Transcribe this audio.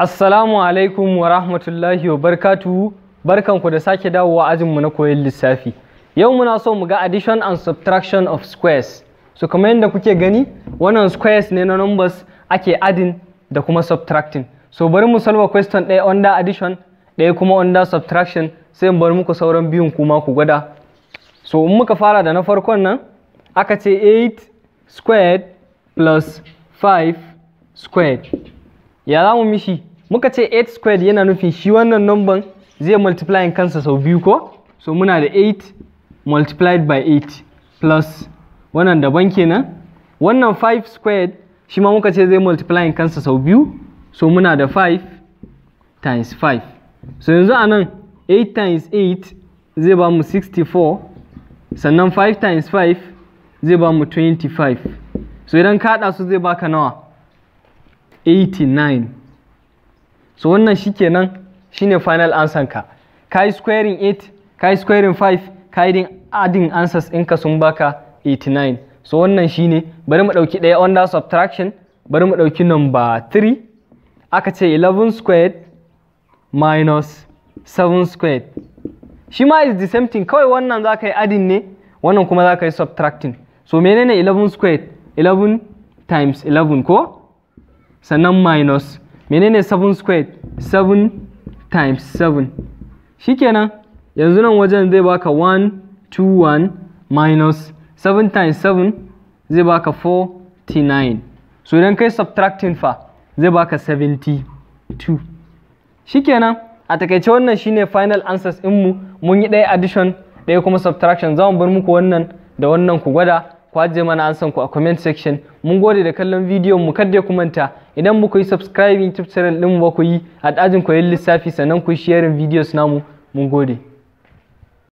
Assalamu alaikum wa rahmatullahi wa barkatu barkanku da sake dawowa ajinmu na koyon lissafi. Yau muna so mu ga addition and subtraction of squares. So kamar yadda kuke gani wannan squares ne na numbers ake adding da kuma subtracting. So bari mu salwa question ɗaya under addition ɗaya kuma under subtraction sai mu bar muku sauran biyun kuma ku gwada. So in muka fara da na farkon nan aka ce 8 squared plus 5 squared. Ya za mu mishi muka ce 8 squared yana nufin shi wannan number zai multiply in kansa sau biyu ko so muna da 8 multiplied by 8 plus wannan daban kenan wannan 5 squared shi ma muka ce zai multiply in kansa sau biyu so muna da 5 times 5 so yanzu anan 8 times 8 zai ba mu 64 sannan 5 times 5 zai ba mu 25 so idan kaɗa su zai baka nawa 89 so wannan shikenan shine final answer ka ka yi squaring 8 ka yi squaring 5 ka yi adding answers ɗinka sun baka 89 so wannan shine bari mu ɗauki ɗaya under subtraction bari mu ɗauki number 3 aka ce 11 squared minus 7 squared shi ma is the same thing kawai wannan za ka yi adding ne wannan kuma za ka yi subtracting so menene 11 squared 11 times 11 ko sannan minus menene 7 squared 7 times 7 shikenan yanzu nan wajen zai baka 1 2 1 minus 7 times 7 zai baka 49 so idan kai subtracting fa zai baka 72 shikenan a takaice wannan shine final answers mu mun yi ɗaya addition ɗaya kuma subtraction za mu bar muku wannan da wannan ku gwada ku ajiye mana an san ku a comment section mun gode da kallon bidiyon mu kada ku manta idan muku yi subscribing tip channel din mu ba ku yi a dajin koyon lissafi sannan ku sharing videos namu mun gode